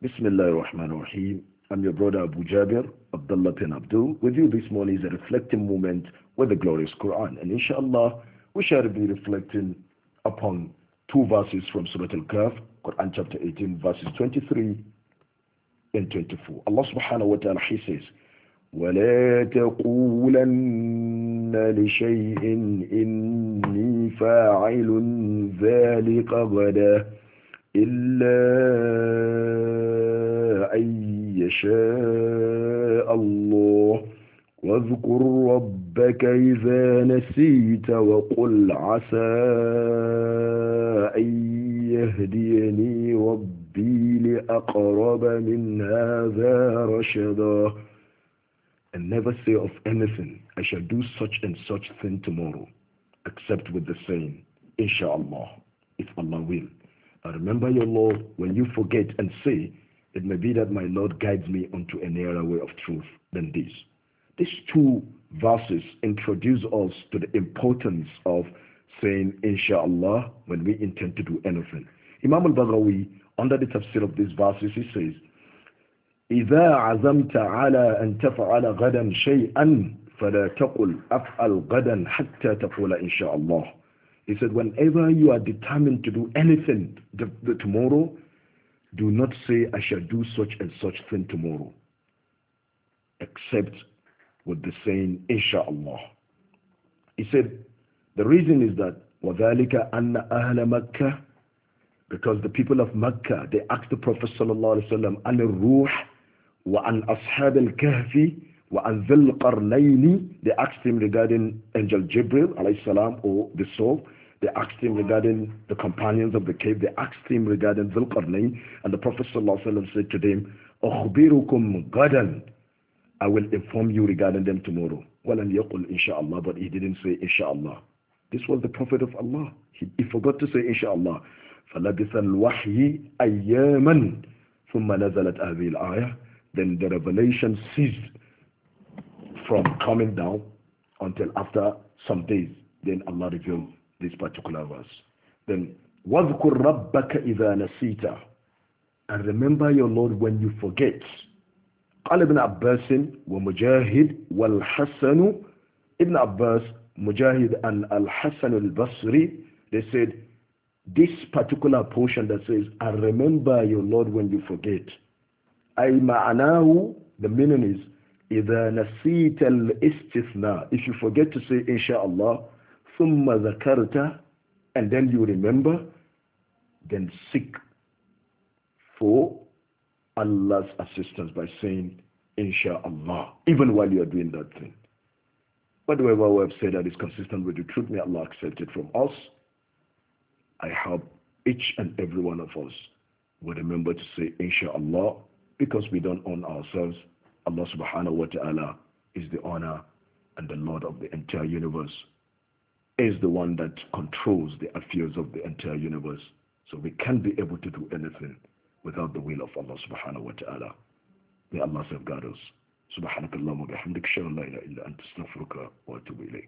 Bismillah ar-Rahman ar-Rahim. I'm your brother Abu Jabir, Abdullah bin Abdul. With you this morning is a reflecting moment with the glorious Quran. And inshallah, we shall be reflecting upon two verses from Surah Al-Kahf, Quran chapter 18, verses 23 and 24. Allah subhanahu wa ta'ala, He says, وَلَا تَقُولَنَّ لِشَيْءٍ إِنِّي فَاعِلٌ ذَلِكَ غَدًا إلا أن يشاء الله واذكر ربك إذا نسيت وقل عسى أن يهديني ربي لأقرب من هذا رشدا And never say of anything, I shall do such and such thing tomorrow, except with the saying, Inshallah, if Allah will. I remember your law when you forget and say, It may be that my Lord guides me unto a nearer way of truth than this. These two verses introduce us to the importance of saying, Inshallah, when we intend to do anything. Imam al Baghrawi, under the tafsir of these verses, he says, إذا عزمت على أن تفعل غدا شيئا فلا تقل أفعل غدا حتى تقول إن شاء الله he said, whenever you are determined to do anything the, the tomorrow, do not say, I shall do such and such thing tomorrow. Except with the saying, Insha'Allah. He said, the reason is that, وَذَلِكَ أَنَّ أَهْلَ مَكَّةِ Because the people of Mecca, they asked the Prophet sallallahu alaihi wasallam, عَنِ الرُّوحِ وَعَنْ أَصْحَابِ الْكَهْفِ وَعَنْ ذِي الْقَرْنَيْنِ They asked him regarding Angel Jibril alayhi salam or the soul. They asked him regarding the companions of the cave. They asked him regarding Zulqarnain. And the Prophet ﷺ said to them, أخبركم غدا I will inform you regarding them tomorrow. وَلَنْ يَقُلْ inshaAllah, but he didn't say inshaAllah. This was the Prophet of Allah. He, he forgot to say inshaAllah. فَلَبِثَ الْوَحْيِ أَيَّامًا ثُمَّ نَزَلَتْ الْآيَةِ Then the revelation ceased from coming down until after some days. Then Allah revealed this particular verse. Then, وَذْكُرْ رَبَّكَ إِذَا نَسِيتَ And remember your Lord when you forget. قال ابن عباس ومجاهد والحسن ابن عباس مجاهد and al-Hasan al-Basri they said this particular portion that says "I remember your Lord when you forget أي معناه the meaning is إذا نسيت الاستثناء if you forget to say inshallah thumma zakarta, and then you remember, then seek for Allah's assistance by saying, Insha'Allah, even while you are doing that thing. Whatever we have said that is consistent with the truth, may Allah accept it from us. I hope each and every one of us will remember to say, Insha'Allah, because we don't own ourselves. Allah subhanahu wa ta'ala is the owner and the Lord of the entire universe is the one that controls the affairs of the entire universe. So we can't be able to do anything without the will of Allah subhanahu wa ta'ala. May Allah safeguard us. سبحانك اللهم وبحمدك اشهد ان Illa اله الا انت